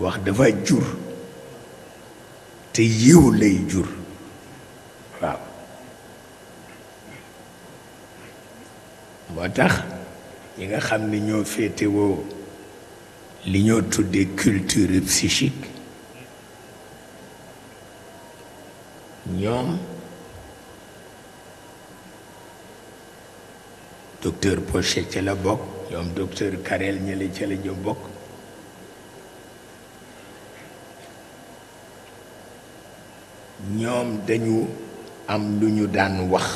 wax dafa jur te yiw lay jur waaw moo tax ñi nga xam ni ñoo wo li ñoo tuddee culture psychique ñoom docteur Pochet ca la bokk ñoom docteur Carrel ñële ci la ñu bokk ñoom dañu am lu ñu daan wax